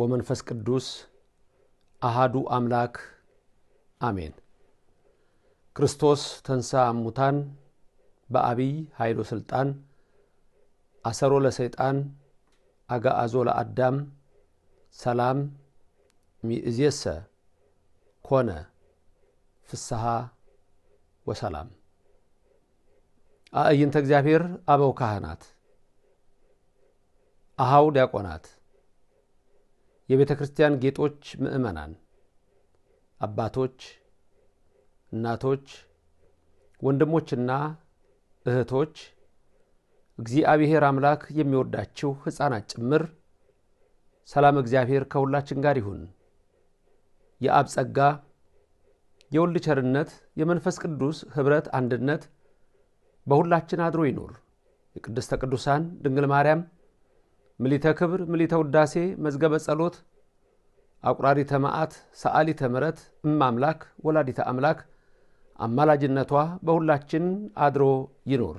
ወመንፈስ ቅዱስ አሃዱ አምላክ አሜን። ክርስቶስ ተንሳ ሙታን በአቢይ ኃይሎ ሥልጣን አሰሮ ለሰይጣን አጋአዞ ለአዳም ሰላም ሚእዜሰ ኮነ ፍስሓ ወሰላም አእይንተ እግዚአብሔር አበው ካህናት አሃው ዲያቆናት የቤተ ክርስቲያን ጌጦች ምዕመናን፣ አባቶች፣ እናቶች፣ ወንድሞችና እህቶች እግዚአብሔር አምላክ የሚወዳችው ሕፃናት ጭምር ሰላም እግዚአብሔር ከሁላችን ጋር ይሁን። የአብ ጸጋ የወልድ ቸርነት የመንፈስ ቅዱስ ኅብረት አንድነት በሁላችን አድሮ ይኑር። የቅድስተ ቅዱሳን ድንግል ማርያም ምሊተ ክብር፣ ምሊተ ውዳሴ፣ መዝገበ ጸሎት፣ አቁራሪተ መዓት፣ ሰአሊተ ምረት፣ እማምላክ አምላክ፣ ወላዲተ አምላክ አማላጅነቷ በሁላችን አድሮ ይኖር።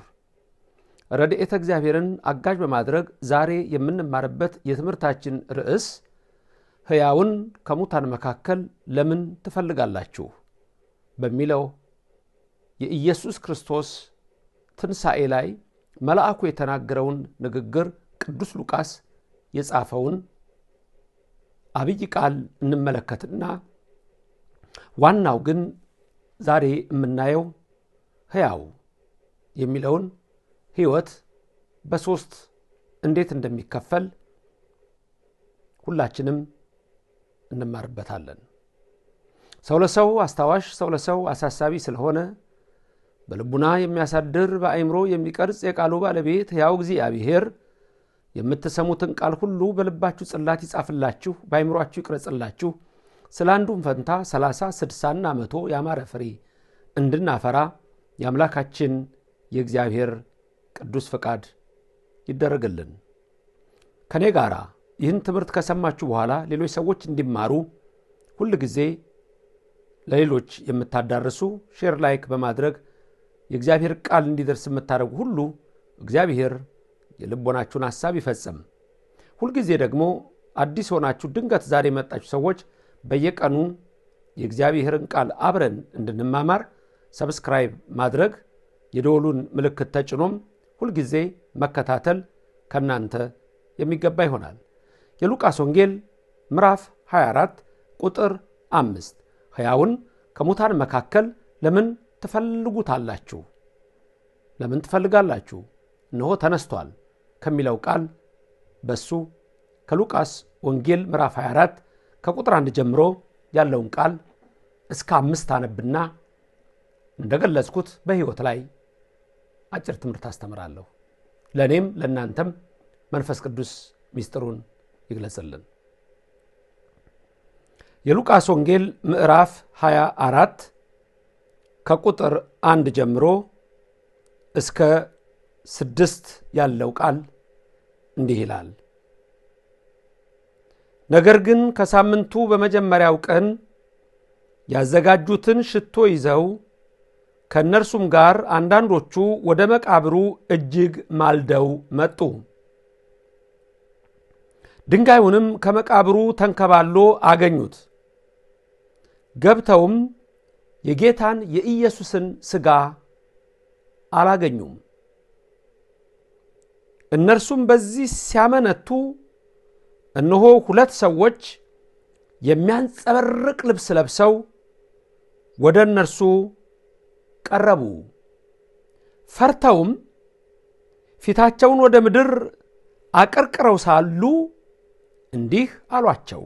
ረድኤተ እግዚአብሔርን አጋዥ በማድረግ ዛሬ የምንማርበት የትምህርታችን ርዕስ ሕያውን ከሙታን መካከል ለምን ትፈልጋላችሁ? በሚለው የኢየሱስ ክርስቶስ ትንሣኤ ላይ መልአኩ የተናገረውን ንግግር ቅዱስ ሉቃስ የጻፈውን አብይ ቃል እንመለከትና ዋናው ግን ዛሬ የምናየው ሕያው የሚለውን ሕይወት በሦስት እንዴት እንደሚከፈል ሁላችንም እንማርበታለን። ሰው ለሰው አስታዋሽ፣ ሰው ለሰው አሳሳቢ ስለሆነ በልቡና የሚያሳድር በአእምሮ የሚቀርጽ የቃሉ ባለቤት ሕያው እግዚአብሔር የምትሰሙትን ቃል ሁሉ በልባችሁ ጽላት ይጻፍላችሁ፣ በአይምሯችሁ ይቅረጽላችሁ። ስለ አንዱም ፈንታ 60ና መቶ ያማረ ፍሬ እንድናፈራ የአምላካችን የእግዚአብሔር ቅዱስ ፈቃድ ይደረግልን። ከእኔ ጋር ይህን ትምህርት ከሰማችሁ በኋላ ሌሎች ሰዎች እንዲማሩ ሁል ጊዜ ለሌሎች የምታዳርሱ ሼር ላይክ በማድረግ የእግዚአብሔር ቃል እንዲደርስ የምታደርጉ ሁሉ እግዚአብሔር የልቦናችሁን ሐሳብ ይፈጽም። ሁልጊዜ ደግሞ አዲስ ሆናችሁ ድንገት ዛሬ የመጣችሁ ሰዎች በየቀኑ የእግዚአብሔርን ቃል አብረን እንድንማማር ሰብስክራይብ ማድረግ የደወሉን ምልክት ተጭኖም ሁልጊዜ መከታተል ከእናንተ የሚገባ ይሆናል። የሉቃስ ወንጌል ምዕራፍ 24 ቁጥር አምስት ሕያውን ከሙታን መካከል ለምን ትፈልጉታላችሁ? ለምን ትፈልጋላችሁ? እነሆ ተነስቷል ከሚለው ቃል በሱ ከሉቃስ ወንጌል ምዕራፍ 24 ከቁጥር 1 ጀምሮ ያለውን ቃል እስከ አምስት አነብና እንደገለጽኩት በሕይወት ላይ አጭር ትምህርት አስተምራለሁ። ለእኔም ለእናንተም መንፈስ ቅዱስ ምስጢሩን ይግለጽልን። የሉቃስ ወንጌል ምዕራፍ 24 ከቁጥር አንድ ጀምሮ እስከ ስድስት ያለው ቃል እንዲህ ይላል፣ ነገር ግን ከሳምንቱ በመጀመሪያው ቀን ያዘጋጁትን ሽቶ ይዘው ከእነርሱም ጋር አንዳንዶቹ ወደ መቃብሩ እጅግ ማልደው መጡ። ድንጋዩንም ከመቃብሩ ተንከባሎ አገኙት። ገብተውም የጌታን የኢየሱስን ሥጋ አላገኙም። እነርሱም በዚህ ሲያመነቱ እነሆ ሁለት ሰዎች የሚያንጸበርቅ ልብስ ለብሰው ወደ እነርሱ ቀረቡ። ፈርተውም ፊታቸውን ወደ ምድር አቀርቅረው ሳሉ እንዲህ አሏቸው፣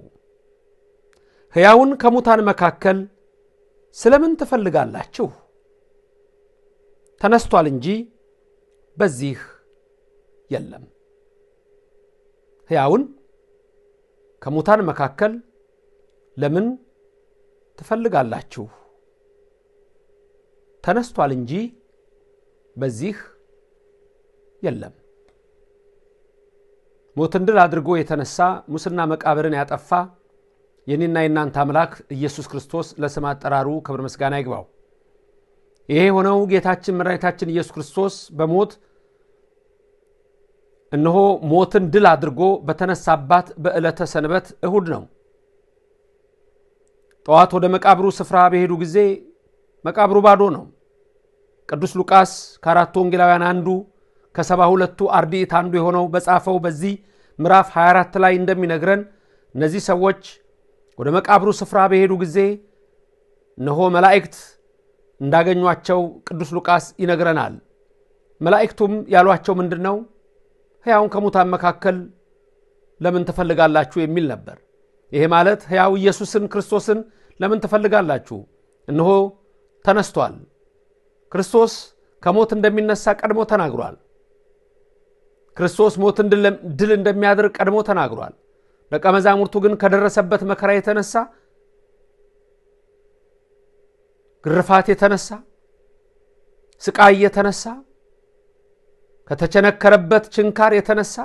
ሕያውን ከሙታን መካከል ስለምን ትፈልጋላችሁ? ተነስቷል እንጂ በዚህ የለም። ሕያውን ከሙታን መካከል ለምን ትፈልጋላችሁ? ተነስቷል እንጂ በዚህ የለም። ሞትን ድል አድርጎ የተነሳ ሙስና መቃብርን ያጠፋ የኔና የእናንተ አምላክ ኢየሱስ ክርስቶስ ለስም አጠራሩ ክብር ምስጋና ይግባው። ይሄ የሆነው ጌታችን መድኃኒታችን ኢየሱስ ክርስቶስ በሞት እነሆ ሞትን ድል አድርጎ በተነሳባት በዕለተ ሰንበት እሁድ ነው። ጠዋት ወደ መቃብሩ ስፍራ በሄዱ ጊዜ መቃብሩ ባዶ ነው። ቅዱስ ሉቃስ ከአራቱ ወንጌላውያን አንዱ ከሰባ ሁለቱ አርድእት አንዱ የሆነው በጻፈው በዚህ ምዕራፍ 24 ላይ እንደሚነግረን እነዚህ ሰዎች ወደ መቃብሩ ስፍራ በሄዱ ጊዜ እነሆ መላእክት እንዳገኟቸው ቅዱስ ሉቃስ ይነግረናል። መላእክቱም ያሏቸው ምንድን ነው? ሕያውን ከሙታን መካከል ለምን ትፈልጋላችሁ የሚል ነበር። ይሄ ማለት ሕያው ኢየሱስን ክርስቶስን ለምን ትፈልጋላችሁ? እነሆ ተነስቷል። ክርስቶስ ከሞት እንደሚነሳ ቀድሞ ተናግሯል። ክርስቶስ ሞትን ድል እንደሚያደርግ ቀድሞ ተናግሯል። ደቀ መዛሙርቱ ግን ከደረሰበት መከራ የተነሳ ግርፋት የተነሳ ስቃይ የተነሳ ከተቸነከረበት ችንካር የተነሳ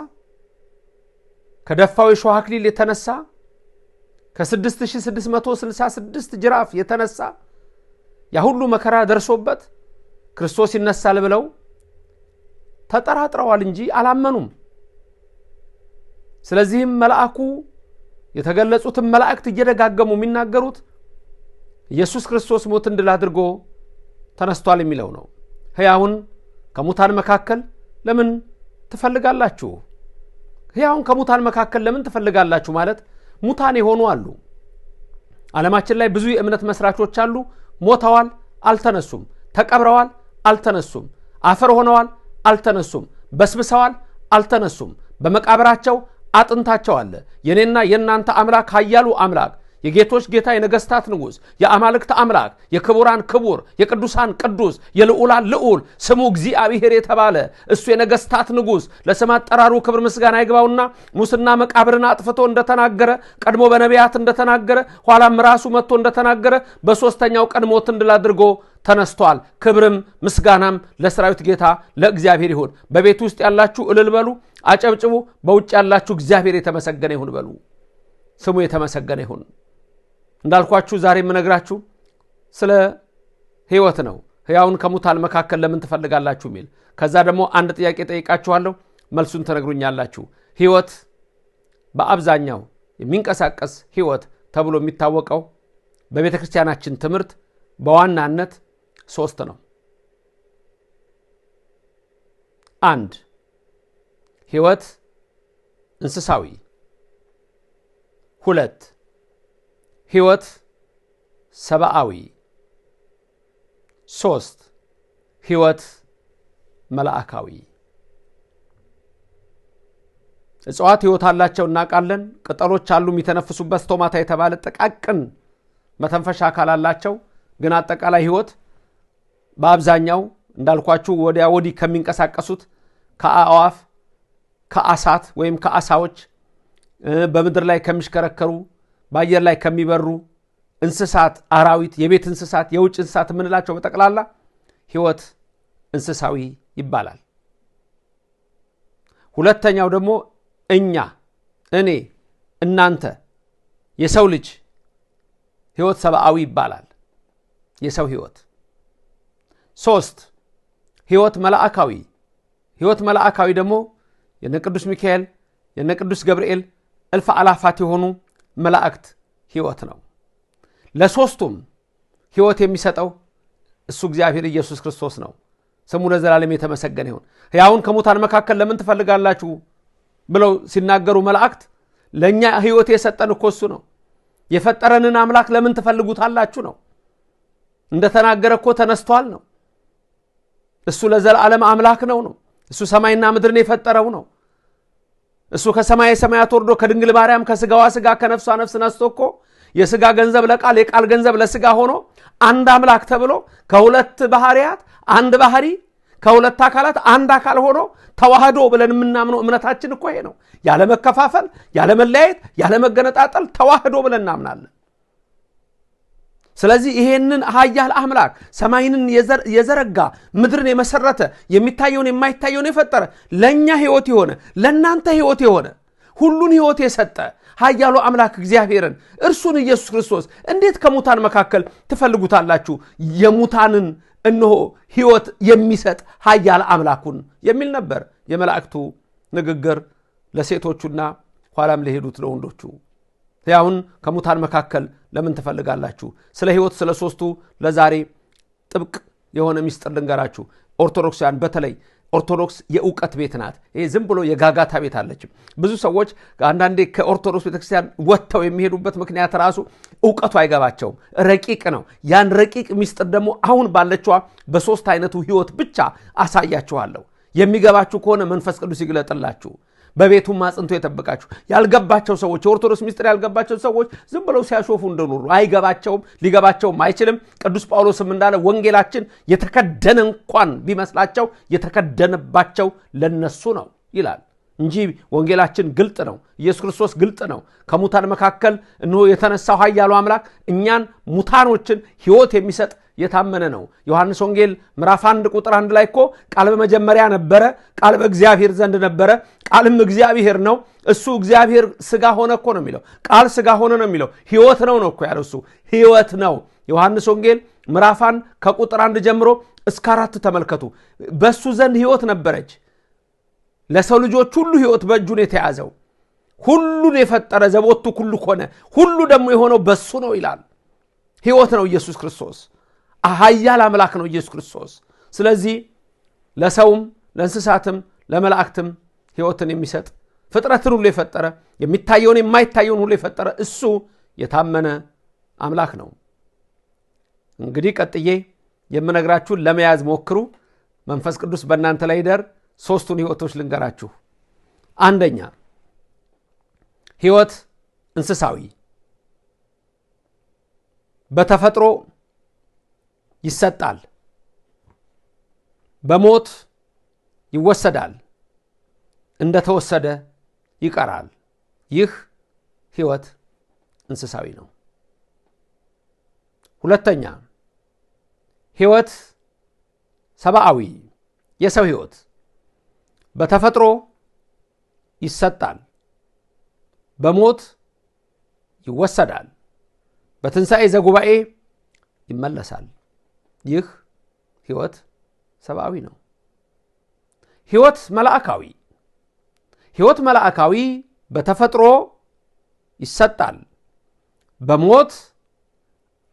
ከደፋው የሾህ አክሊል የተነሳ ከ6666 ጅራፍ የተነሳ ያ ሁሉ መከራ ደርሶበት ክርስቶስ ይነሳል ብለው ተጠራጥረዋል እንጂ አላመኑም። ስለዚህም መልአኩ የተገለጹትን መላእክት እየደጋገሙ የሚናገሩት ኢየሱስ ክርስቶስ ሞት እንድል አድርጎ ተነስቷል የሚለው ነው። ሕያውን ከሙታን መካከል ለምን ትፈልጋላችሁ? ሕያውን ከሙታን መካከል ለምን ትፈልጋላችሁ? ማለት ሙታን የሆኑ አሉ። ዓለማችን ላይ ብዙ የእምነት መስራቾች አሉ። ሞተዋል፣ አልተነሱም። ተቀብረዋል፣ አልተነሱም። አፈር ሆነዋል፣ አልተነሱም። በስብሰዋል፣ አልተነሱም። በመቃብራቸው አጥንታቸው አለ። የኔና የእናንተ አምላክ ኃያሉ አምላክ የጌቶች ጌታ የነገስታት ንጉሥ የአማልክት አምላክ የክቡራን ክቡር የቅዱሳን ቅዱስ የልዑላን ልዑል ስሙ እግዚአብሔር የተባለ እሱ የነገስታት ንጉሥ ለስም አጠራሩ ክብር ምስጋና ይግባውና ሙስና መቃብርን አጥፍቶ እንደተናገረ ቀድሞ በነቢያት እንደተናገረ ኋላም ራሱ መጥቶ እንደተናገረ በሦስተኛው ቀን ሞትን አድርጎ ተነስቷል። ክብርም ምስጋናም ለሰራዊት ጌታ ለእግዚአብሔር ይሁን። በቤት ውስጥ ያላችሁ እልል በሉ፣ አጨብጭቡ። በውጭ ያላችሁ እግዚአብሔር የተመሰገነ ይሁን በሉ። ስሙ የተመሰገነ ይሁን። እንዳልኳችሁ ዛሬ የምነግራችሁ ስለ ህይወት ነው። ህያውን ከሙታን መካከል ለምን ትፈልጋላችሁ የሚል ከዛ ደግሞ አንድ ጥያቄ ጠይቃችኋለሁ፣ መልሱን ተነግሩኛላችሁ። ህይወት በአብዛኛው የሚንቀሳቀስ ህይወት ተብሎ የሚታወቀው በቤተ ክርስቲያናችን ትምህርት በዋናነት ሶስት ነው። አንድ ህይወት እንስሳዊ፣ ሁለት ሕይወት ሰብአዊ፣ ሶስት ሕይወት መላእካዊ። እጽዋት ሕይወት አላቸው እናውቃለን። ቅጠሎች አሉ የሚተነፍሱበት ስቶማታ የተባለ ጠቃቅን መተንፈሻ አካል አላቸው። ግን አጠቃላይ ሕይወት በአብዛኛው እንዳልኳችሁ ወዲያ ወዲህ ከሚንቀሳቀሱት ከአእዋፍ፣ ከአሳት ወይም ከአሳዎች፣ በምድር ላይ ከሚሽከረከሩ በአየር ላይ ከሚበሩ እንስሳት፣ አራዊት፣ የቤት እንስሳት፣ የውጭ እንስሳት የምንላቸው በጠቅላላ ህይወት እንስሳዊ ይባላል። ሁለተኛው ደግሞ እኛ፣ እኔ፣ እናንተ የሰው ልጅ ህይወት ሰብአዊ ይባላል። የሰው ህይወት ሶስት ህይወት መላእካዊ። ህይወት መላእካዊ ደግሞ የነ ቅዱስ ሚካኤል የነ ቅዱስ ገብርኤል እልፍ አላፋት የሆኑ መላእክት ህይወት ነው። ለሶስቱም ህይወት የሚሰጠው እሱ እግዚአብሔር ኢየሱስ ክርስቶስ ነው። ስሙ ለዘላለም የተመሰገነ ይሁን። ያሁን ከሙታን መካከል ለምን ትፈልጋላችሁ ብለው ሲናገሩ መላእክት ለእኛ ህይወት የሰጠን እኮ እሱ ነው። የፈጠረንን አምላክ ለምን ትፈልጉታላችሁ ነው። እንደተናገረ እኮ ተነስቷል ነው። እሱ ለዘላለም አምላክ ነው ነው። እሱ ሰማይና ምድርን የፈጠረው ነው። እሱ ከሰማይ የሰማያት ወርዶ ከድንግል ማርያም ከስጋዋ ስጋ ከነፍሷ ነፍስ ነስቶ እኮ የስጋ ገንዘብ ለቃል የቃል ገንዘብ ለስጋ ሆኖ አንድ አምላክ ተብሎ ከሁለት ባህርያት አንድ ባህሪ ከሁለት አካላት አንድ አካል ሆኖ ተዋህዶ ብለን የምናምነው እምነታችን እኮ ይሄ ነው። ያለመከፋፈል፣ ያለመለያየት፣ ያለመገነጣጠል ተዋህዶ ብለን እናምናለን። ስለዚህ ይሄንን ሀያል አምላክ ሰማይንን የዘረጋ ምድርን የመሰረተ የሚታየውን የማይታየውን የፈጠረ ለእኛ ህይወት የሆነ ለእናንተ ህይወት የሆነ ሁሉን ህይወት የሰጠ ሀያሉ አምላክ እግዚአብሔርን እርሱን ኢየሱስ ክርስቶስ እንዴት ከሙታን መካከል ትፈልጉታላችሁ? የሙታንን እነሆ ህይወት የሚሰጥ ሀያል አምላኩን የሚል ነበር የመላእክቱ ንግግር ለሴቶቹና ኋላም ለሄዱት ለወንዶቹ። ሕያውን ከሙታን መካከል ለምን ትፈልጋላችሁ? ስለ ሕይወት ስለ ሶስቱ ለዛሬ ጥብቅ የሆነ ሚስጥር ልንገራችሁ። ኦርቶዶክሳውያን በተለይ ኦርቶዶክስ የእውቀት ቤት ናት። ይሄ ዝም ብሎ የጋጋታ ቤት አለችም። ብዙ ሰዎች አንዳንዴ ከኦርቶዶክስ ቤተክርስቲያን ወጥተው የሚሄዱበት ምክንያት ራሱ እውቀቱ አይገባቸውም፣ ረቂቅ ነው። ያን ረቂቅ ሚስጥር ደግሞ አሁን ባለችዋ በሶስት አይነቱ ሕይወት ብቻ አሳያችኋለሁ። የሚገባችሁ ከሆነ መንፈስ ቅዱስ ይግለጥላችሁ። በቤቱም አጽንቶ የጠበቃችሁ። ያልገባቸው ሰዎች የኦርቶዶክስ ሚስጥር ያልገባቸው ሰዎች ዝም ብለው ሲያሾፉ እንደኖሩ አይገባቸውም፣ ሊገባቸውም አይችልም። ቅዱስ ጳውሎስም እንዳለ ወንጌላችን የተከደነ እንኳን ቢመስላቸው የተከደነባቸው ለነሱ ነው ይላል እንጂ ወንጌላችን ግልጥ ነው። ኢየሱስ ክርስቶስ ግልጥ ነው። ከሙታን መካከል እነሆ የተነሳው ኃያሉ አምላክ እኛን ሙታኖችን ሕይወት የሚሰጥ የታመነ ነው። ዮሐንስ ወንጌል ምዕራፍ አንድ ቁጥር አንድ ላይ እኮ ቃል በመጀመሪያ ነበረ፣ ቃል በእግዚአብሔር ዘንድ ነበረ፣ ቃልም እግዚአብሔር ነው፣ እሱ እግዚአብሔር ስጋ ሆነ እኮ ነው የሚለው። ቃል ስጋ ሆነ ነው የሚለው። ህይወት ነው ነው እኮ ያለው እሱ ህይወት ነው። ዮሐንስ ወንጌል ምዕራፍ አንድ ከቁጥር አንድ ጀምሮ እስከ አራት ተመልከቱ። በእሱ ዘንድ ህይወት ነበረች፣ ለሰው ልጆች ሁሉ ህይወት በእጁን የተያዘው ሁሉን የፈጠረ ዘቦቱ ሁሉ ኮነ፣ ሁሉ ደግሞ የሆነው በሱ ነው ይላል። ህይወት ነው ኢየሱስ ክርስቶስ። ሀያል አምላክ ነው ኢየሱስ ክርስቶስ። ስለዚህ ለሰውም ለእንስሳትም ለመላእክትም ሕይወትን የሚሰጥ ፍጥረትን ሁሉ የፈጠረ የሚታየውን የማይታየውን ሁሉ የፈጠረ እሱ የታመነ አምላክ ነው። እንግዲህ ቀጥዬ የምነግራችሁን ለመያዝ ሞክሩ። መንፈስ ቅዱስ በእናንተ ላይ ደር ሦስቱን ሕይወቶች ልንገራችሁ። አንደኛ ሕይወት እንስሳዊ በተፈጥሮ ይሰጣል፣ በሞት ይወሰዳል፣ እንደተወሰደ ይቀራል። ይህ ህይወት እንስሳዊ ነው። ሁለተኛ ህይወት ሰብአዊ፣ የሰው ህይወት በተፈጥሮ ይሰጣል፣ በሞት ይወሰዳል፣ በትንሣኤ ዘጉባኤ ይመለሳል። ይህ ህይወት ሰብአዊ ነው። ህይወት መላእካዊ ህይወት መላእካዊ በተፈጥሮ ይሰጣል፣ በሞት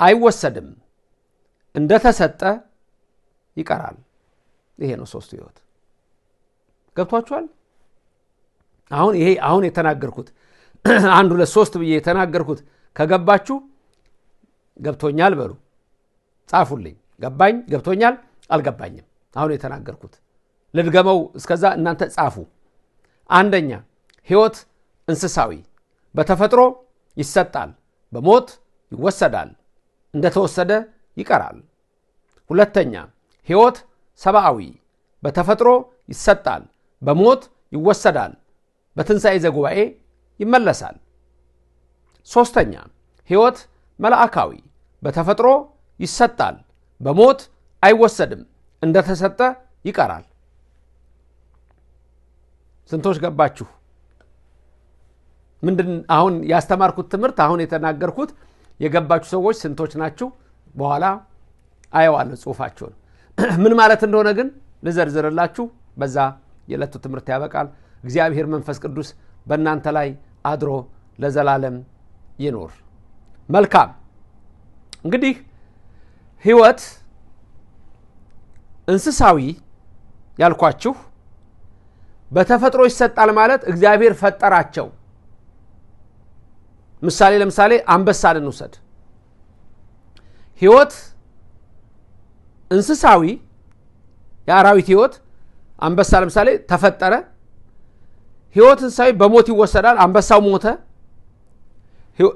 አይወሰድም። እንደተሰጠ ይቀራል። ይሄ ነው ሶስቱ ህይወት። ገብቷችኋል? አሁን ይሄ አሁን የተናገርኩት አንድ ሁለት ሶስት ብዬ የተናገርኩት ከገባችሁ ገብቶኛል በሉ፣ ጻፉልኝ። ገባኝ ገብቶኛል አልገባኝም አሁን የተናገርኩት ልድገመው እስከዛ እናንተ ጻፉ አንደኛ ህይወት እንስሳዊ በተፈጥሮ ይሰጣል በሞት ይወሰዳል እንደተወሰደ ይቀራል ሁለተኛ ህይወት ሰብአዊ በተፈጥሮ ይሰጣል በሞት ይወሰዳል በትንሣኤ ዘጉባኤ ይመለሳል ሦስተኛ ሕይወት መልአካዊ በተፈጥሮ ይሰጣል በሞት አይወሰድም፣ እንደተሰጠ ይቀራል። ስንቶች ገባችሁ? ምንድን አሁን ያስተማርኩት ትምህርት አሁን የተናገርኩት የገባችሁ ሰዎች ስንቶች ናችሁ? በኋላ አየዋለሁ ጽሁፋችሁን። ምን ማለት እንደሆነ ግን ልዘርዝርላችሁ፣ በዛ የዕለቱ ትምህርት ያበቃል። እግዚአብሔር መንፈስ ቅዱስ በእናንተ ላይ አድሮ ለዘላለም ይኑር። መልካም እንግዲህ ህይወት እንስሳዊ ያልኳችሁ በተፈጥሮ ይሰጣል ማለት እግዚአብሔር ፈጠራቸው። ምሳሌ ለምሳሌ አንበሳን እንውሰድ። ህይወት እንስሳዊ የአራዊት ህይወት አንበሳ ለምሳሌ ተፈጠረ። ህይወት እንስሳዊ በሞት ይወሰዳል። አንበሳው ሞተ፣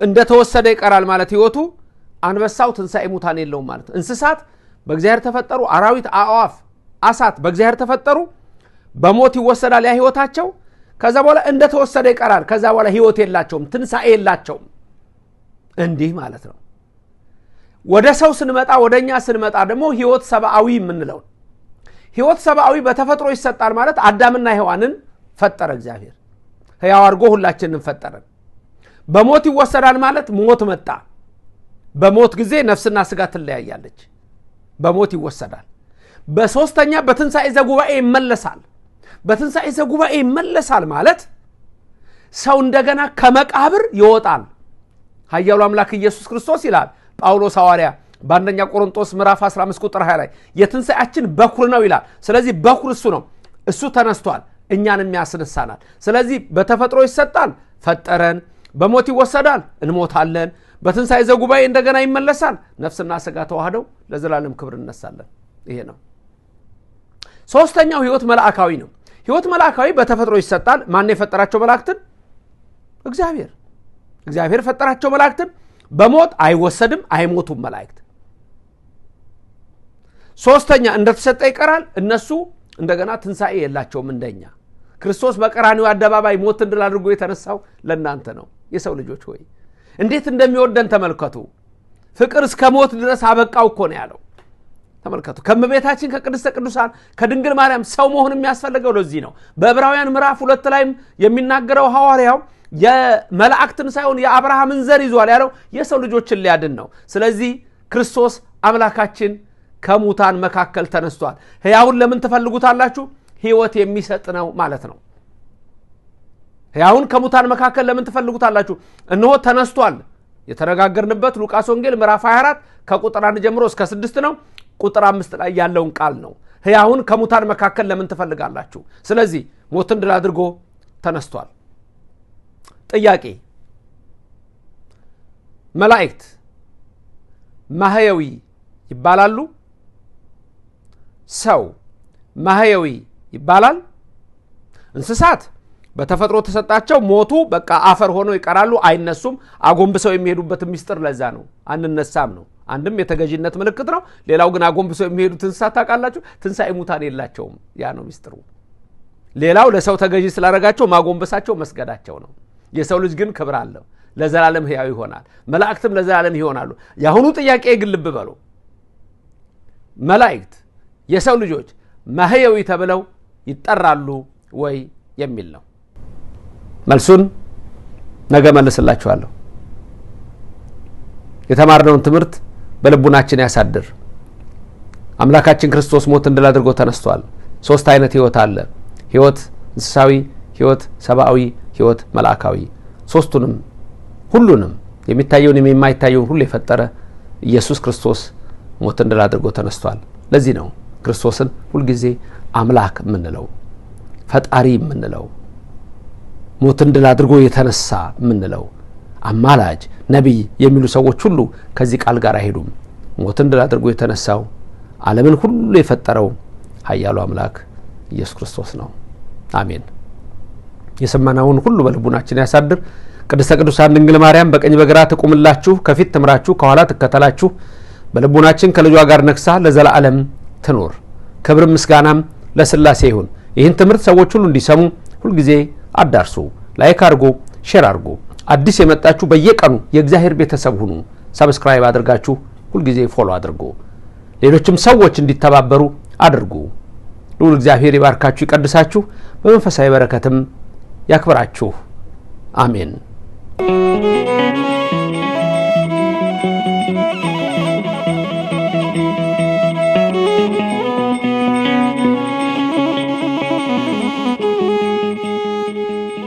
እንደተወሰደ ይቀራል ማለት ህይወቱ አንበሳው ትንሣኤ ሙታን የለውም ማለት ነው። እንስሳት በእግዚአብሔር ተፈጠሩ። አራዊት፣ አዋፍ አሳት በእግዚአብሔር ተፈጠሩ። በሞት ይወሰዳል ያ ህይወታቸው። ከዛ በኋላ እንደተወሰደ ይቀራል። ከዛ በኋላ ህይወት የላቸውም፣ ትንሣኤ የላቸውም። እንዲህ ማለት ነው። ወደ ሰው ስንመጣ ወደ እኛ ስንመጣ ደግሞ ህይወት ሰብአዊ የምንለው ህይወት ሰብአዊ በተፈጥሮ ይሰጣል ማለት አዳምና ሔዋንን ፈጠረ እግዚአብሔር። ህያው አድርጎ ሁላችንን ፈጠረን። በሞት ይወሰዳል ማለት ሞት መጣ። በሞት ጊዜ ነፍስና ስጋ ትለያያለች፣ በሞት ይወሰዳል። በሶስተኛ በትንሣኤ ዘጉባኤ ይመለሳል። በትንሣኤ ዘጉባኤ ይመለሳል ማለት ሰው እንደገና ከመቃብር ይወጣል። ሀያሉ አምላክ ኢየሱስ ክርስቶስ ይላል ጳውሎስ ሐዋርያ በአንደኛ ቆሮንጦስ ምዕራፍ 15 ቁጥር 20 ላይ የትንሣኤያችን በኩር ነው ይላል። ስለዚህ በኩር እሱ ነው። እሱ ተነስቷል፣ እኛንም ያስነሳናል። ስለዚህ በተፈጥሮ ይሰጣል፣ ፈጠረን። በሞት ይወሰዳል፣ እንሞታለን። በትንሣኤ ዘጉባኤ እንደገና ይመለሳል። ነፍስና ስጋ ተዋህደው ለዘላለም ክብር እነሳለን። ይሄ ነው። ሶስተኛው ህይወት መልአካዊ ነው። ህይወት መልአካዊ በተፈጥሮ ይሰጣል። ማን የፈጠራቸው መላእክትን? እግዚአብሔር እግዚአብሔር ፈጠራቸው መላእክትን። በሞት አይወሰድም፣ አይሞቱም መላእክት። ሶስተኛ እንደተሰጠ ይቀራል። እነሱ እንደገና ትንሣኤ የላቸውም እንደኛ። ክርስቶስ በቀራኒው አደባባይ ሞት እንድል አድርጎ የተነሳው ለእናንተ ነው የሰው ልጆች ወይ እንዴት እንደሚወደን ተመልከቱ። ፍቅር እስከ ሞት ድረስ አበቃው እኮ ነው ያለው። ተመልከቱ ከምቤታችን ከቅድስተ ቅዱሳን ከድንግል ማርያም ሰው መሆን የሚያስፈልገው ለዚህ ነው። በዕብራውያን ምዕራፍ ሁለት ላይም የሚናገረው ሐዋርያው የመላእክትን ሳይሆን የአብርሃምን ዘር ይዟል ያለው የሰው ልጆችን ሊያድን ነው። ስለዚህ ክርስቶስ አምላካችን ከሙታን መካከል ተነስቷል። ሕያውን ለምን ትፈልጉታላችሁ? ሕይወት የሚሰጥ ነው ማለት ነው። ሕያውን ከሙታን መካከል ለምን ትፈልጉታላችሁ? እነሆ ተነስቷል። የተነጋገርንበት ሉቃስ ወንጌል ምዕራፍ 24 ከቁጥር 1 ጀምሮ እስከ 6 ነው። ቁጥር አምስት ላይ ያለውን ቃል ነው። ሕያውን ከሙታን መካከል ለምን ትፈልጋላችሁ? ስለዚህ ሞትን ድል አድርጎ ተነስቷል። ጥያቄ መላእክት ማህያዊ ይባላሉ? ሰው ማህያዊ ይባላል? እንስሳት በተፈጥሮ ተሰጣቸው ሞቱ። በቃ አፈር ሆነው ይቀራሉ፣ አይነሱም። አጎንብሰው የሚሄዱበት ሚስጥር ለዛ ነው፣ አንነሳም ነው። አንድም የተገዥነት ምልክት ነው። ሌላው ግን አጎንብሰው የሚሄዱት እንስሳት ታውቃላችሁ፣ ትንሣኤ ሙታን የላቸውም። ያ ነው ሚስጥሩ። ሌላው ለሰው ተገዢ ስላደረጋቸው ማጎንበሳቸው፣ መስገዳቸው ነው። የሰው ልጅ ግን ክብር አለው፣ ለዘላለም ሕያው ይሆናል። መላእክትም ለዘላለም ይሆናሉ። የአሁኑ ጥያቄ ግን ልብ በሉ፣ መላእክት የሰው ልጆች መህየዊ ተብለው ይጠራሉ ወይ የሚል ነው። መልሱን ነገ መልስላችኋለሁ። የተማርነውን ትምህርት በልቡናችን ያሳድር። አምላካችን ክርስቶስ ሞት እንድል አድርጎ ተነስቷል። ሶስት አይነት ህይወት አለ። ህይወት እንስሳዊ፣ ህይወት ሰብአዊ፣ ህይወት መልአካዊ። ሶስቱንም ሁሉንም የሚታየውን የማይታየውን ሁሉ የፈጠረ ኢየሱስ ክርስቶስ ሞት እንድል አድርጎ ተነስቷል። ለዚህ ነው ክርስቶስን ሁልጊዜ አምላክ የምንለው ፈጣሪ የምንለው ሞትን ድል አድርጎ የተነሳ የምንለው አማላጅ ነቢይ የሚሉ ሰዎች ሁሉ ከዚህ ቃል ጋር አይሄዱም። ሞትን ድል አድርጎ የተነሳው ዓለምን ሁሉ የፈጠረው ኃያሉ አምላክ ኢየሱስ ክርስቶስ ነው። አሜን። የሰማነውን ሁሉ በልቡናችን ያሳድር። ቅድስተ ቅዱሳን ድንግል ማርያም በቀኝ በግራ ትቁምላችሁ፣ ከፊት ትምራችሁ፣ ከኋላ ትከተላችሁ። በልቡናችን ከልጇ ጋር ነግሳ ለዘላለም ትኖር። ክብር ምስጋናም ለስላሴ ይሁን። ይህን ትምህርት ሰዎች ሁሉ እንዲሰሙ ሁልጊዜ አዳርሶ ላይክ አድርጎ ሼር አርጎ አዲስ የመጣችሁ በየቀኑ የእግዚአብሔር ቤተሰብ ሁኑ። ሰብስክራይብ አድርጋችሁ ሁልጊዜ ፎሎ አድርጎ ሌሎችም ሰዎች እንዲተባበሩ አድርጉ። ልዑል እግዚአብሔር ይባርካችሁ፣ ይቀድሳችሁ፣ በመንፈሳዊ በረከትም ያክብራችሁ። አሜን።